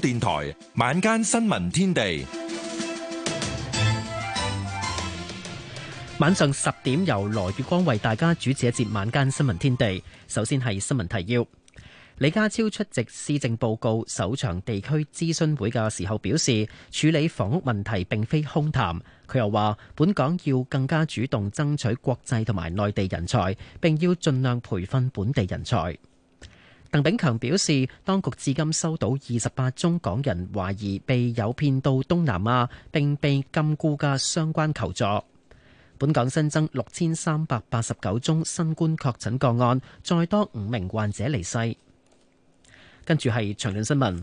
電台晚間新聞天地，晚上十點由羅月光為大家主持一節晚間新聞天地。首先係新聞提要，李家超出席施政報告首場地區諮詢會嘅時候表示，處理房屋問題並非空談。佢又話，本港要更加主動爭取國際同埋內地人才，並要盡量培訓本地人才。鄧炳強表示，當局至今收到二十八宗港人懷疑被誘騙到東南亞並被禁錮嘅相關求助。本港新增六千三百八十九宗新冠確診個案，再多五名患者離世。跟住係長段新聞。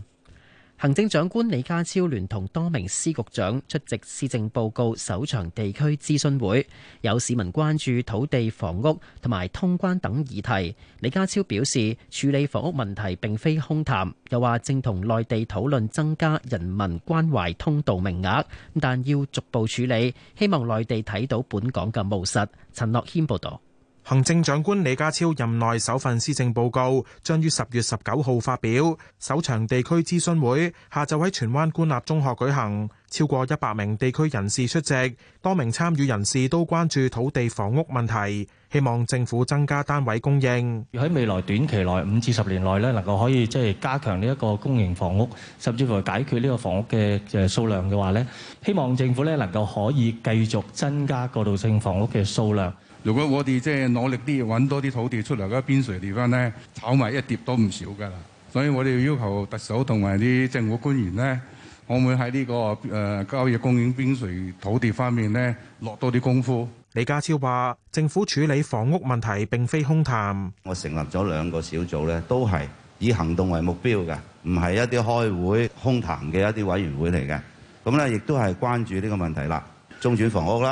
行政長官李家超聯同多名司局長出席施政報告首場地區諮詢會，有市民關注土地、房屋同埋通關等議題。李家超表示，處理房屋問題並非空談，又話正同內地討論增加人民關懷通道名額，但要逐步處理，希望內地睇到本港嘅務實。陳樂謙報道。行政長官李家超任內首份施政報告將於十月十九號發表。首場地區諮詢會下晝喺荃灣官立中學舉行，超過一百名地區人士出席，多名參與人士都關注土地房屋問題，希望政府增加單位供應。喺未來短期內，五至十年內咧，能夠可以即係加強呢一個公營房屋，甚至乎解決呢個房屋嘅誒數量嘅話咧，希望政府咧能夠可以繼續增加過渡性房屋嘅數量。如果我哋即係努力啲，揾多啲土地出嚟嘅邊陲地方咧，炒埋一碟都唔少㗎啦。所以我哋要要求特首同埋啲政府官員咧，可唔可以喺呢、這個、呃、交易公園邊陲土地方面咧落多啲功夫？李家超話：政府處理房屋問題並非空談。我成立咗兩個小組咧，都係以行動為目標嘅，唔係一啲開會空談嘅一啲委員會嚟嘅。咁咧亦都係關注呢個問題啦，中轉房屋啦，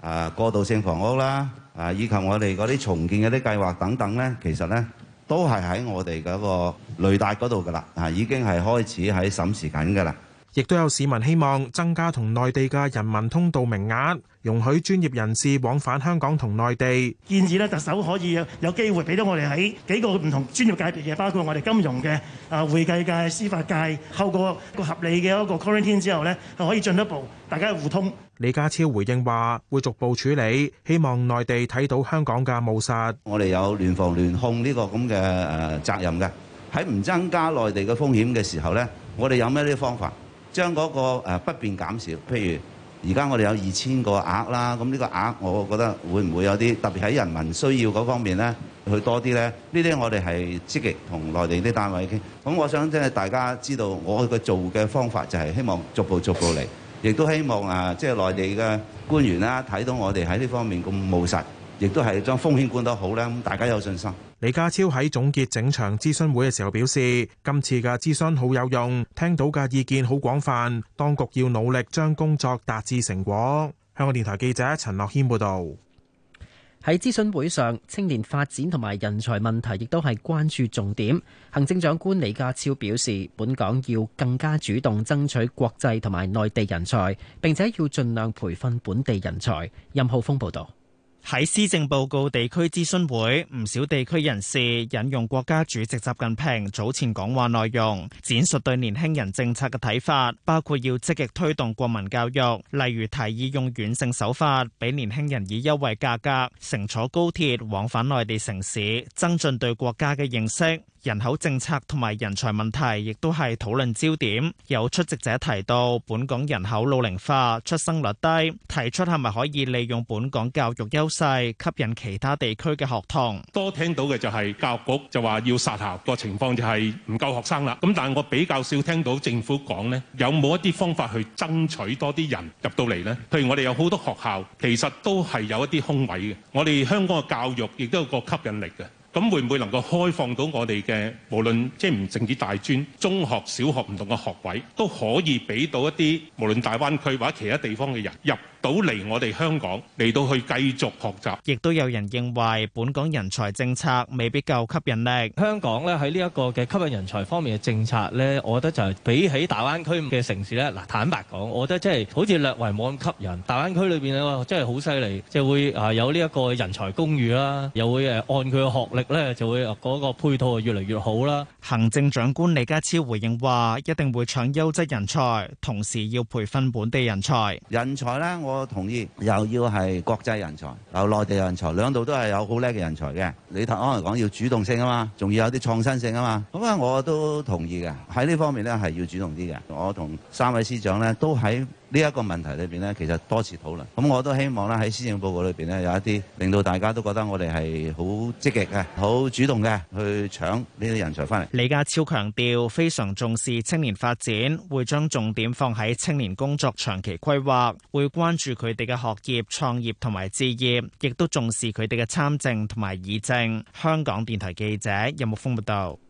啊、呃、過渡性房屋啦。啊，以及我哋嗰啲重建嗰啲計劃等等咧，其實咧都係喺我哋嗰個雷達嗰度噶啦，啊已經係開始喺審視緊噶啦。亦都有市民希望增加同內地嘅人民通道名額。容許專業人士往返香港同內地，建議，咧特首可以有機會俾到我哋喺幾個唔同專業界別嘅，包括我哋金融嘅、啊會計界、司法界，透過個合理嘅一個 quarantine 之後咧，係可以進一步大家互通。李家超回應話：會逐步處理，希望內地睇到香港嘅務實。我哋有聯防聯控呢個咁嘅誒責任嘅，喺唔增加內地嘅風險嘅時候咧，我哋有咩啲方法將嗰個誒不便減少，譬如。而家我哋有二千個額啦，咁呢個額我覺得會唔會有啲特別喺人民需要嗰方面咧，去多啲咧？呢啲我哋係積極同內地啲單位傾。咁我想即係大家知道我個做嘅方法就係希望逐步逐步嚟，亦都希望啊，即係內地嘅官員啦，睇到我哋喺呢方面咁務實。亦都係將風險管得好啦，咁大家有信心。李家超喺總結整場諮詢會嘅時候表示，今次嘅諮詢好有用，聽到嘅意見好廣泛，當局要努力將工作達至成果。香港電台記者陳樂軒報導。喺諮詢會上，青年發展同埋人才問題亦都係關注重點。行政長官李家超表示，本港要更加主動爭取國際同埋內地人才，並且要盡量培訓本地人才。任浩峰報導。喺施政報告地區諮詢會，唔少地區人士引用國家主席習近平早前講話內容，展述對年輕人政策嘅睇法，包括要積極推動國民教育，例如提議用軟性手法，俾年輕人以優惠價格，乘坐高鐵往返內地城市，增進對國家嘅認識。人口政策同埋人才問題亦都係討論焦點，有出席者提到，本港人口老齡化、出生率低，提出係咪可以利用本港教育優勢吸引其他地區嘅學童？多聽到嘅就係教育局就話要殺校個情況就係唔夠學生啦。咁但係我比較少聽到政府講咧有冇一啲方法去爭取多啲人入到嚟咧。譬如我哋有好多學校其實都係有一啲空位嘅。我哋香港嘅教育亦都有個吸引力嘅。咁會唔會能夠開放到我哋嘅無論即係唔淨止大專、中學、小學唔同嘅學位，都可以俾到一啲無論大灣區或者其他地方嘅人入到嚟我哋香港嚟到去繼續學習。亦都有人認為本港人才政策未必夠吸引力。香港咧喺呢一個嘅吸引人才方面嘅政策咧，我覺得就係比起大灣區嘅城市咧，嗱坦白講，我覺得即係好似略為冇咁吸引。大灣區裏邊咧，真係好犀利，即係會啊有呢一個人才公寓啦，又會誒按佢嘅學歷。咧就會嗰個配套越嚟越好啦。行政長官李家超回應話，一定會搶優質人才，同時要培訓本地人才。人才呢，我同意，又要係國際人才，又內地人才，兩度都係有好叻嘅人才嘅。你可能嚟講，要主動性啊嘛，仲要有啲創新性啊嘛。咁啊，我都同意嘅。喺呢方面呢，係要主動啲嘅。我同三位司長呢，都喺。呢一個問題裏邊呢，其實多次討論。咁我都希望咧，喺施政報告裏邊呢，有一啲令到大家都覺得我哋係好積極嘅、好主動嘅，去搶呢啲人才翻嚟。李家超強調，非常重視青年發展，會將重點放喺青年工作長期規劃，會關注佢哋嘅學業、創業同埋置業，亦都重視佢哋嘅參政同埋議政。香港電台記者任木豐報道。有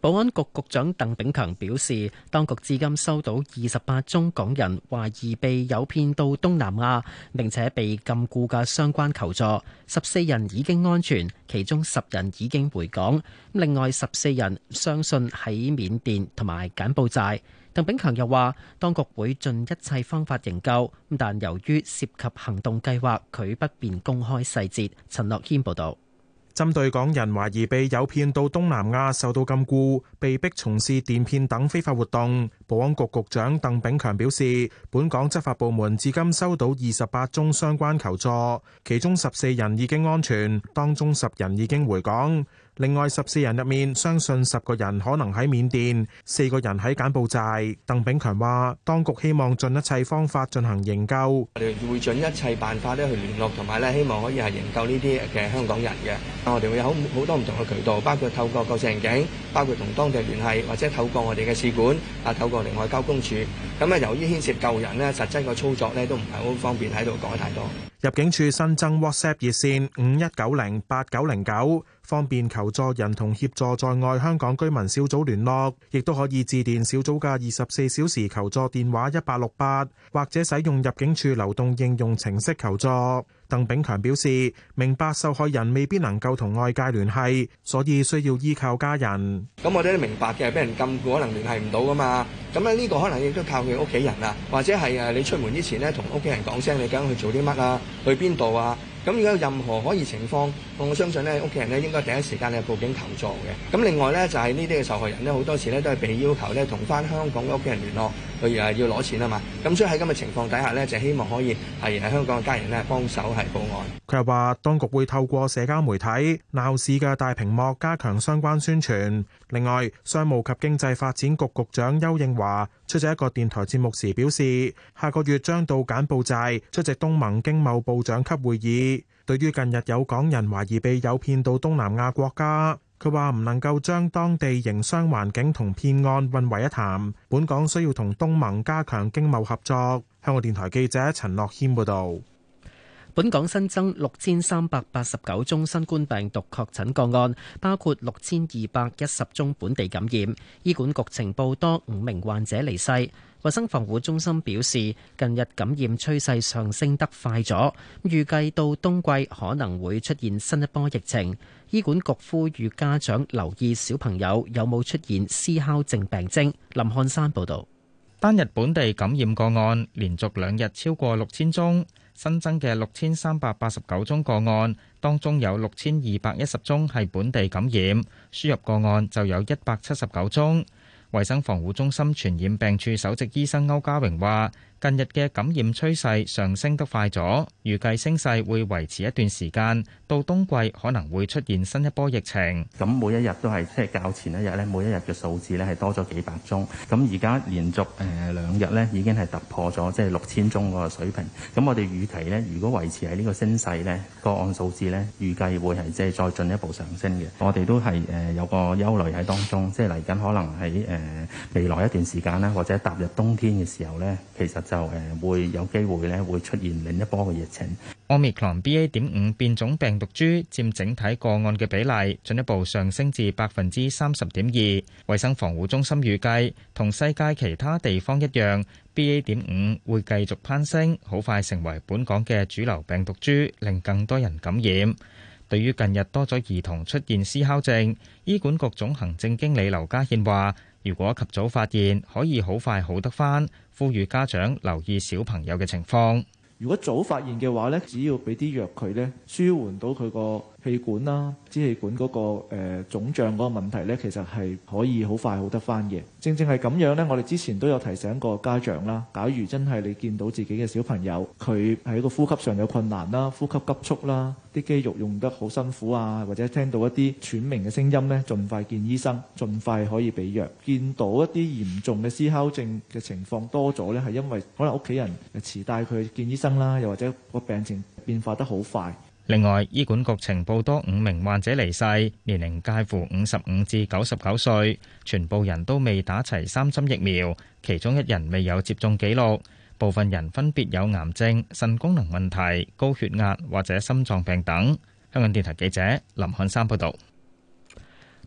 保安局局長鄧炳強表示，當局至今收到二十八宗港人懷疑被誘騙到東南亞，並且被禁錮嘅相關求助，十四人已經安全，其中十人已經回港。另外十四人相信喺緬甸同埋柬埔寨。鄧炳強又話，當局會盡一切方法營救，但由於涉及行動計劃，佢不便公開細節。陳樂謙報道。針對港人懷疑被誘騙到東南亞受到禁錮，被逼從事電騙等非法活動，保安局局長鄧炳強表示，本港執法部門至今收到二十八宗相關求助，其中十四人已經安全，當中十人已經回港。另外十四人入面，相信十個人可能喺緬甸，四個人喺柬埔寨。鄧炳強話：當局希望盡一切方法進行營救。我哋會盡一切辦法咧去聯絡，同埋咧希望可以係營救呢啲嘅香港人嘅。我哋會有好好多唔同嘅渠道，包括透過國際刑警，包括同當地聯繫，或者透過我哋嘅使館啊，透過另外交公署。咁啊，由於牽涉救人咧，實際嘅操作咧都唔係好方便喺度講太多。入境處新增 WhatsApp 熱線：五一九零八九零九。方便求助人同協助在外香港居民小組聯絡，亦都可以致電小組嘅二十四小時求助電話一八六八，或者使用入境處流動應用程式求助。鄧炳強表示，明白受害人未必能夠同外界聯繫，所以需要依靠家人。咁我哋都明白嘅，俾人禁可能聯繫唔到噶嘛。咁咧呢個可能亦都靠佢屋企人啊，或者係誒你出門之前咧同屋企人講聲你今日去做啲乜啊，去邊度啊。咁如果有任何可疑情況，我相信咧屋企人咧應該第一時間咧報警求助嘅。咁另外咧就係呢啲嘅受害人咧好多時咧都係被要求咧同翻香港嘅屋企人聯絡，佢誒要攞錢啊嘛。咁所以喺今日情況底下咧，就希望可以係喺香港嘅家人咧幫手係報案。佢又話，當局會透過社交媒體、鬧市嘅大屏幕加強相關宣傳。另外，商務及經濟發展局局長邱應華。出席一個電台節目時表示，下個月將到柬埔寨出席東盟經貿部長級會議。對於近日有港人懷疑被誘騙到東南亞國家，佢話唔能夠將當地營商環境同騙案混為一談。本港需要同東盟加強經貿合作。香港電台記者陳樂軒報導。本港新增六千三百八十九宗新冠病毒確診個案，包括六千二百一十宗本地感染。醫管局情報多五名患者離世。衛生防護中心表示，近日感染趨勢上升得快咗，預計到冬季可能會出現新一波疫情。醫管局呼籲家長留意小朋友有冇出現嘶哮症病徵。林漢山報道，單日本地感染個案連續兩日超過六千宗。新增嘅六千三百八十九宗個案，當中有六千二百一十宗係本地感染，輸入個案就有一百七十九宗。衛生防護中心傳染病處首席醫生歐家榮話。近日嘅感染趨勢上升得快咗，預計升勢會維持一段時間。到冬季可能會出現新一波疫情。咁每一日都係即係較前一日咧，每一日嘅數字咧係多咗幾百宗。咁而家連續誒兩日咧已經係突破咗即係六千宗個水平。咁我哋預期咧，如果維持喺呢個升勢咧，個案數字咧預計會係即係再進一步上升嘅。我哋都係誒有個憂慮喺當中，即係嚟緊可能喺誒未來一段時間啦，或者踏入冬天嘅時候咧，其實。就誒會有機會咧，會出現另一波嘅疫情。Omicron BA.5 變種病毒株佔整體個案嘅比例進一步上升至百分之三十點二。衛生防護中心預計同世界其他地方一樣，BA.5 會繼續攀升，好快成為本港嘅主流病毒株，令更多人感染。對於近日多咗兒童出現思考症，醫管局總行政經理劉家獻話：如果及早發現，可以好快好得返。呼籲家長留意小朋友嘅情況。如果早發現嘅話咧，只要俾啲藥佢咧，舒緩到佢個氣管啦、支氣管嗰、那個誒腫脹嗰個問題咧，其實係可以好快好得翻嘅。正正係咁樣咧，我哋之前都有提醒過家長啦。假如真係你見到自己嘅小朋友佢喺個呼吸上有困難啦、呼吸急促啦、啲肌肉用得好辛苦啊，或者聽到一啲喘鳴嘅聲音咧，盡快見醫生，盡快可以俾藥。見到一啲嚴重嘅哮喘症嘅情況多咗咧，係因為可能屋企人遲帶佢見醫生啦，又或者個病情變化得好快。另外，醫管局呈報多五名患者離世，年齡介乎五十五至九十九歲，全部人都未打齊三針疫苗，其中一人未有接種記錄，部分人分別有癌症、腎功能問題、高血壓或者心臟病等。香港電台記者林漢山報道。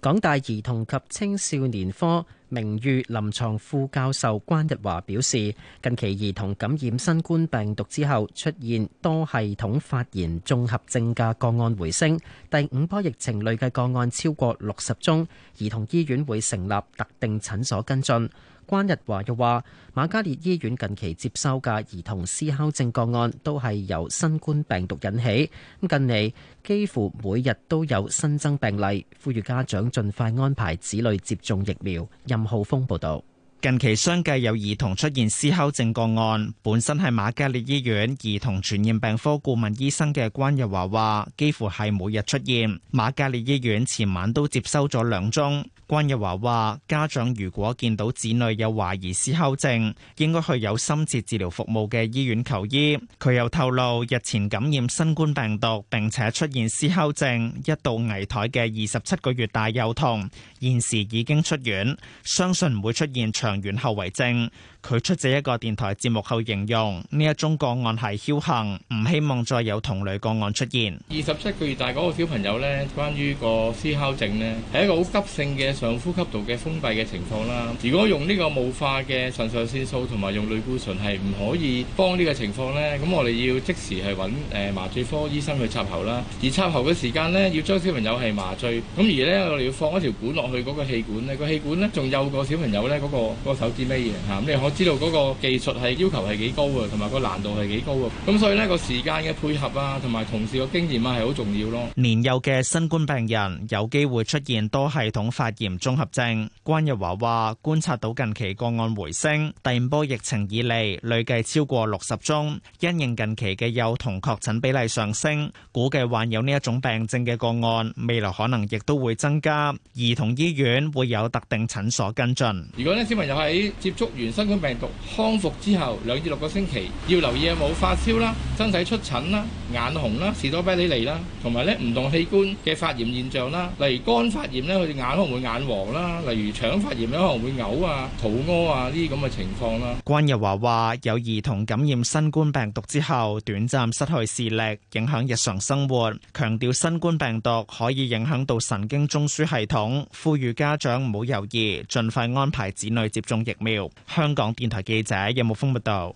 港大兒童及青少年科名譽臨床副教授關日華表示，近期兒童感染新冠病毒之後出現多系統發炎綜合症嘅個案回升，第五波疫情累計個案超過六十宗，兒童醫院會成立特定診所跟進。關日華又話，馬嘉烈醫院近期接收嘅兒童思考症個案都係由新冠病毒引起。咁近嚟幾乎每日都有新增病例，呼籲家長盡快安排子女接種疫苗。任浩峰報道。近期相繼有兒童出現哮吼症個案，本身係瑪嘉烈醫院兒童傳染病科顧問醫生嘅關日華話，幾乎係每日出現。瑪嘉烈醫院前晚都接收咗兩宗。關日華話，家長如果見到子女有懷疑哮吼症，應該去有深切治療服務嘅醫院求醫。佢又透露，日前感染新冠病毒並且出現哮吼症，一度危殆嘅二十七個月大幼童，現時已經出院，相信唔會出現長遠後遺症。佢出席一個電台節目後用，形容呢一宗個案係僥幸，唔希望再有同類個案出現。二十七個月大嗰個小朋友呢，關於個思考症呢，係一個好急性嘅上呼吸道嘅封閉嘅情況啦。如果用呢個霧化嘅腎上腺素同埋用類固醇係唔可以幫呢個情況呢。咁我哋要即時係揾麻醉科醫生去插喉啦。而插喉嘅時間呢，要將小朋友係麻醉，咁而呢，我哋要放一條管落去嗰個氣管呢、嗰個氣管呢，仲幼過小朋友呢，嗰、嗰個嗰個手指尾形。咁、嗯、你可知道嗰個技術係要求係幾高啊，同埋個難度係幾高啊，咁所以呢個時間嘅配合啊，同埋同事嘅經驗啊係好重要咯。年幼嘅新冠病人有機會出現多系統發炎綜合症。關日華話：觀察到近期個案回升，第五波疫情以嚟累計超過六十宗，因應近期嘅幼童確診比例上升，估計患有呢一種病症嘅個案未來可能亦都會增加。兒童醫院會有特定診所跟進。如果呢小朋友喺接觸完新冠病毒康復之後，兩至六個星期要留意有冇發燒啦、身體出疹啦、眼紅啦、士多啤梨嚟啦，同埋咧唔同器官嘅發炎現象啦，例如肝發炎咧佢隻眼可能會眼黃啦，例如腸發炎咧可能會嘔啊、肚屙啊呢啲咁嘅情況啦。關日華話：有兒童感染新冠病毒之後，短暫失去視力，影響日常生活。強調新冠病毒可以影響到神經中樞系統，呼籲家長唔好猶豫，盡快安排子女接種疫苗。香港電台記者任木峰報道，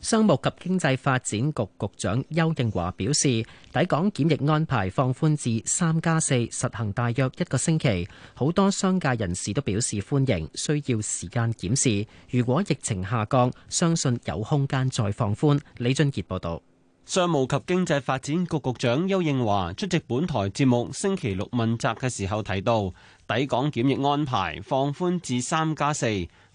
商務及經濟發展局局長邱應華表示，抵港檢疫安排放寬至三加四，實行大約一個星期，好多商界人士都表示歡迎，需要時間檢視。如果疫情下降，相信有空間再放寬。李俊傑報道，商務及經濟發展局局長邱應華出席本台節目星期六問責嘅時候提到，抵港檢疫安排放寬至三加四。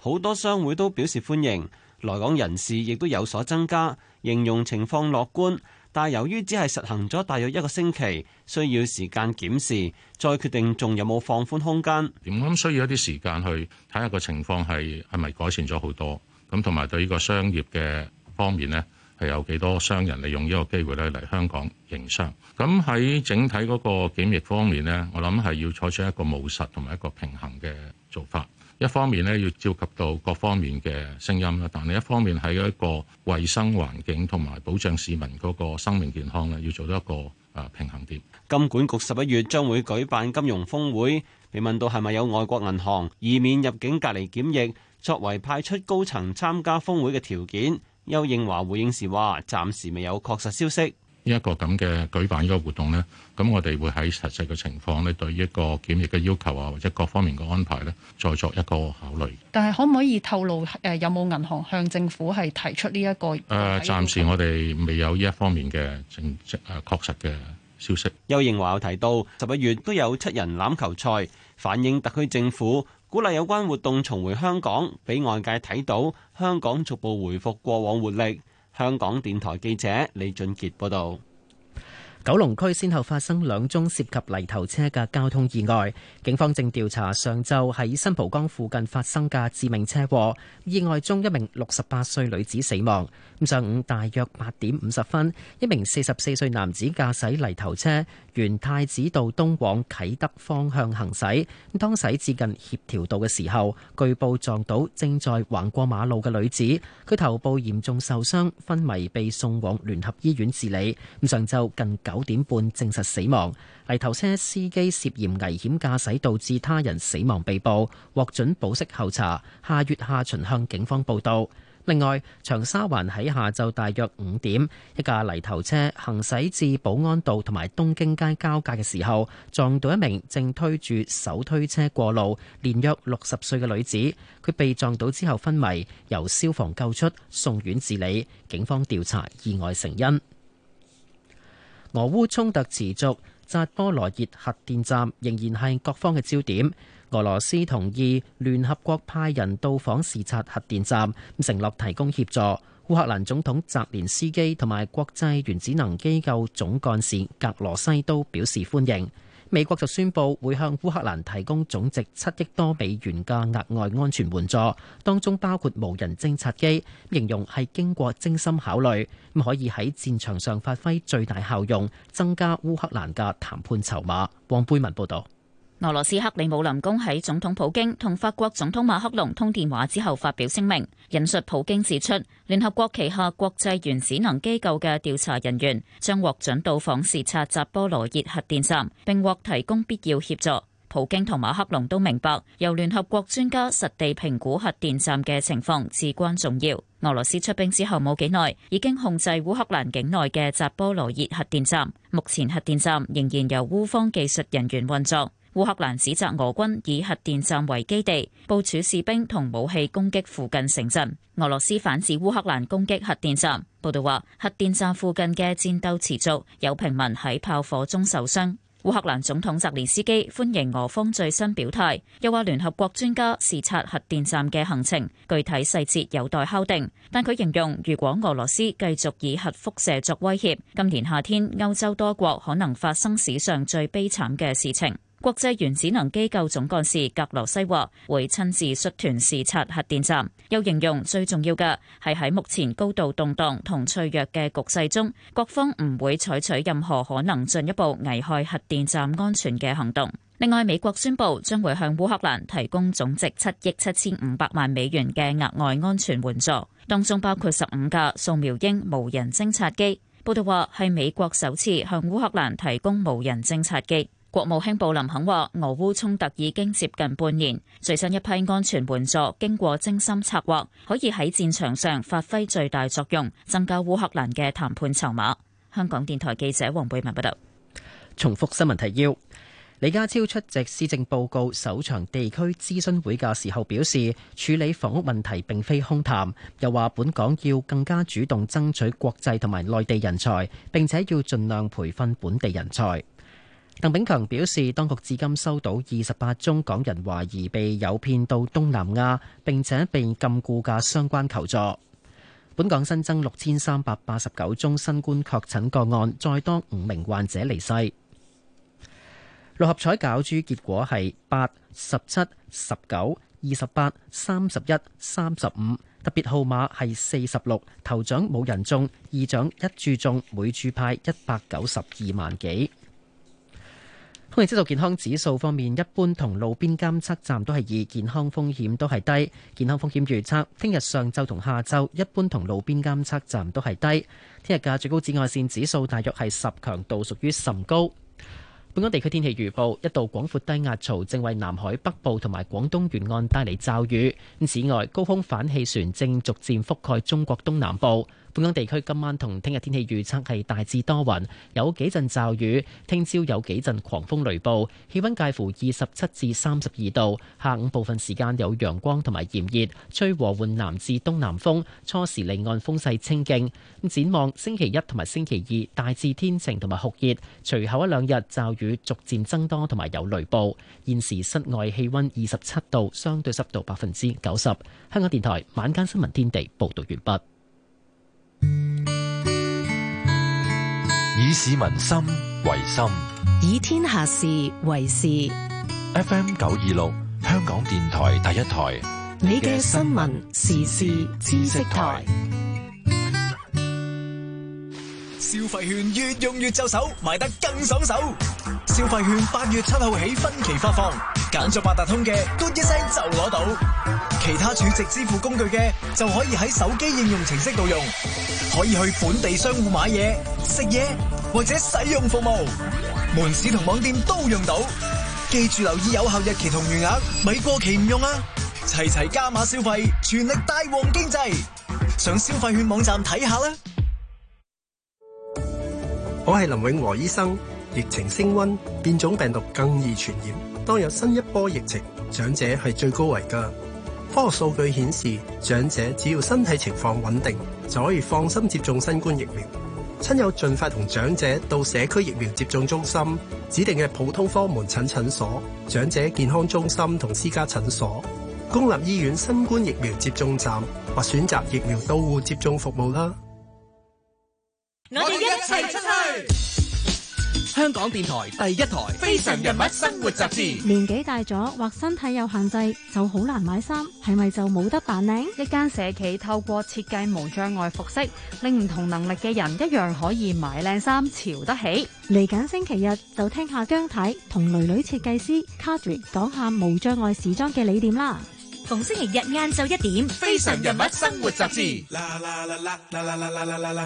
好多商會都表示歡迎，來港人士亦都有所增加，形容情況樂觀，但由於只係實行咗大約一個星期，需要時間檢視再決定仲有冇放寬空間。咁需要一啲時間去睇下個情況係係咪改善咗好多。咁同埋對呢個商業嘅方面咧，係有幾多商人利用呢個機會咧嚟香港營商。咁喺整體嗰個檢疫方面咧，我諗，係要採取一個務實同埋一個平衡嘅做法。一方面呢要召集到各方面嘅聲音啦，但另一方面喺一個衛生環境同埋保障市民嗰個生命健康要做到一個啊平衡點。金管局十一月將會舉辦金融峰會，被問到係咪有外國銀行以免入境隔離檢疫作為派出高層參加峰會嘅條件，邱應華回應時話暫時未有確實消息。呢一個咁嘅舉辦呢個活動呢，咁我哋會喺實際嘅情況呢，對一個檢疫嘅要求啊，或者各方面嘅安排呢，再作一個考慮。但係可唔可以透露、呃、有冇銀行向政府係提出呢一個？誒、呃，暫時我哋未有呢一方面嘅正確確實嘅消息。邱應華有提到，十一月都有七人欖球賽，反映特區政府鼓勵有關活動重回香港，俾外界睇到香港逐步回復過往活力。香港電台記者李俊杰報道：九龍區先後發生兩宗涉及泥頭車嘅交通意外，警方正調查上晝喺新蒲崗附近發生嘅致命車禍，意外中一名六十八歲女子死亡。上午大約八點五十分，一名四十四歲男子駕駛泥頭車，沿太子道東往啟德方向行駛。當駛至近協調道嘅時候，據報撞到正在橫過馬路嘅女子，佢頭部嚴重受傷，昏迷，被送往聯合醫院治理。咁上晝近九點半，證實死亡。泥頭車司機涉嫌危險駕駛導致他人死亡，被捕，獲准保釋候查，下月下旬向警方報到。另外，長沙環喺下晝大約五點，一架泥頭車行駛至保安道同埋東京街交界嘅時候，撞到一名正推住手推車過路年約六十歲嘅女子。佢被撞到之後昏迷，由消防救出送院治理。警方調查意外成因。俄烏衝突持續。扎波羅熱核電站仍然係各方嘅焦點。俄羅斯同意聯合國派人到訪視察核電站，承諾提供協助。烏克蘭總統澤連斯基同埋國際原子能機構總幹事格羅西都表示歡迎。美國就宣佈會向烏克蘭提供總值七億多美元嘅額外安全援助，當中包括無人偵察機，形容係經過精心考慮，咁可以喺戰場上發揮最大效用，增加烏克蘭嘅談判籌碼。黃貝文報道。俄羅斯克里姆林宮喺總統普京同法國總統馬克龍通電話之後發表聲明，引述普京指出，聯合國旗下國際原子能機構嘅調查人員將獲准到訪視察扎波羅熱核電站，並獲提供必要協助。普京同馬克龍都明白，由聯合國專家實地評估核電站嘅情況至關重要。俄羅斯出兵之後冇幾耐，已經控制烏克蘭境內嘅扎波羅熱核電站，目前核電站仍然由烏方技術人員運作。烏克蘭指責俄軍以核電站為基地部署士兵同武器，攻擊附近城鎮。俄羅斯反指烏克蘭攻擊核電站。報道話，核電站附近嘅戰鬥持續，有平民喺炮火中受傷。烏克蘭總統澤連斯基歡迎俄方最新表態，又話聯合國專家視察核電站嘅行程，具體細節有待敲定。但佢形容，如果俄羅斯繼續以核輻射作威脅，今年夏天歐洲多國可能發生史上最悲慘嘅事情。國際原子能機構總幹事格羅西話：會親自率團視察核電站。又形容最重要嘅係喺目前高度動盪同脆弱嘅局勢中，各方唔會採取任何可能進一步危害核電站安全嘅行動。另外，美國宣布將會向烏克蘭提供總值七億七千五百萬美元嘅額外安全援助，當中包括十五架掃描鷹無人偵察機。報道話係美國首次向烏克蘭提供無人偵察機。國務卿布林肯話：俄烏衝突已經接近半年，最新一批安全援助經過精心策劃，可以喺戰場上發揮最大作用，增加烏克蘭嘅談判籌碼。香港電台記者黃貝文報道。重複新聞提要：李家超出席施政報告首場地區諮詢會嘅時候表示，處理房屋問題並非空談，又話本港要更加主動爭取國際同埋內地人才，並且要盡量培訓本地人才。鄧炳強表示，當局至今收到二十八宗港人懷疑被誘騙到東南亞，並且被禁錮嘅相關求助。本港新增六千三百八十九宗新冠確診個案，再多五名患者離世。六合彩攪珠結果係八、十七、十九、二十八、三十一、三十五，特別號碼係四十六。頭獎冇人中，二獎一注中，每注派一百九十二萬幾。空氣質素健康指數方面，一般同路邊監測站都係二，健康風險都係低。健康風險預測，聽日上晝同下晝一般同路邊監測站都係低。聽日嘅最高紫外線指數大約係十，強度屬於甚高。本港地區天氣預報，一道廣闊低壓槽正為南海北部同埋廣東沿岸帶嚟驟雨。此外，高空反氣旋正逐漸覆蓋中國東南部。本港地區今晚同聽日天氣預測係大致多雲，有幾陣驟雨。聽朝有幾陣狂風雷暴，氣温介乎二十七至三十二度。下午部分時間有陽光同埋炎熱，吹和緩南至東南風。初時離岸風勢清勁。展望星期一同埋星期二大致天晴同埋酷熱，隨後一兩日驟雨逐漸增多，同埋有雷暴。現時室外氣温二十七度，相對濕度百分之九十。香港電台晚間新聞天地報道完畢。以市民心為心，以天下事為事。FM 九二六，香港電台第一台，你嘅新聞時事知識台。消費券越用越就手，買得更爽手。消費券八月七號起分期發放，揀咗八達通嘅，嘟一聲就攞到；其他儲值支付工具嘅，就可以喺手機應用程式度用，可以去本地商戶買嘢、食嘢或者使用服務，門市同網店都用到。記住留意有效日期同餘額，咪過期唔用啊！齊齊加碼消費，全力帶旺經濟，上消費券網站睇下啦。我係林永和醫生。疫情升溫，變種病毒更易傳染。當有新一波疫情，長者係最高危㗎。科學數據顯示，長者只要身體情況穩定，就可以放心接種新冠疫苗。親友盡快同長者到社區疫苗接種中心、指定嘅普通科門診診所、長者健康中心同私家診所、公立醫院新冠疫苗接種站，或選擇疫苗到戶接種服務啦。我哋一齊出去。香港電台第一台《非常人物生活雜誌》年紀大咗或身體有限制，就好難買衫，係咪就冇得扮靚？一間社企透過設計無障礙服飾，令唔同能力嘅人一樣可以買靚衫，潮得起。嚟緊星期日就聽下姜太同女女設計師 Kadri 講下無障礙時裝嘅理念啦。逢星期日晏晝一點，《非常人物生活雜誌》啦啦啦。啦啦啦啦啦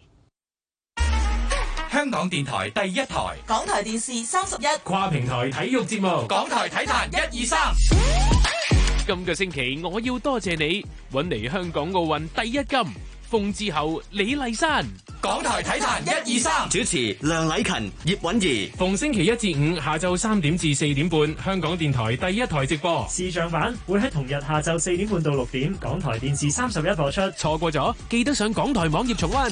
香港電台第一台，港台電視三十一，跨平台體育節目，港台體壇一二三。今個星期我要多謝你，搵嚟香港奧運第一金，風之后李麗珊，港台體壇一二三，主持梁禮勤、葉韻儀，逢星期一至五下晝三點至四點半，香港電台第一台直播，視像版會喺同日下晝四點半到六點，港台電視三十一播出，錯過咗記得上港台網頁重溫。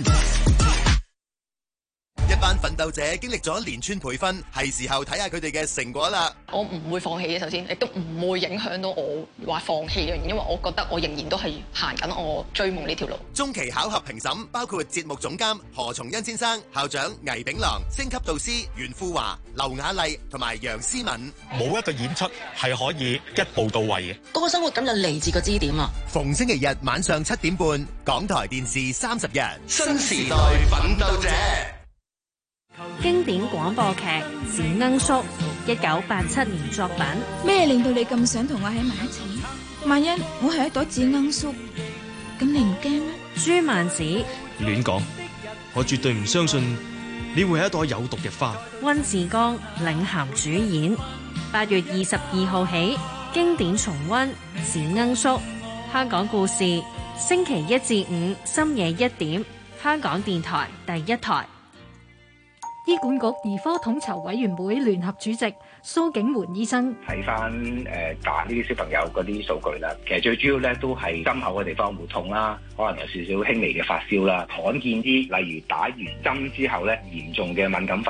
鬥者經歷咗連串培訓，係時候睇下佢哋嘅成果啦。我唔會放棄嘅，首先亦都唔會影響到我話放棄嘅原因，因為我覺得我仍然都係行緊我追夢呢條路。中期考核評審包括節目總監何松恩先生、校長倪炳良、星級導師袁富華、劉雅麗同埋楊思敏，冇一個演出係可以一步到位嘅。嗰個生活感就嚟住個支點啦。逢星期日晚上七點半，港台電視三十日，新時代奮鬥者。廣播劇《紫罌粟》，一九八七年作品。咩令到你咁想同我喺埋一齊？萬一我係一朵紫罌粟，咁你唔驚咩？朱曼子，亂講，我絕對唔相信你會係一朵有毒嘅花。温志剛領銜主演，八月二十二號起，經典重温《紫罌粟》，香港故事，星期一至五深夜一點，香港電台第一台。醫管局兒科統籌委員會聯合主席蘇景煥醫生：睇翻誒打呢啲小朋友啲數據啦，其實最主要咧都係針口嘅地方會痛啦，可能有少少輕微嘅發燒啦，罕見啲例如打完針之後咧嚴重嘅敏感。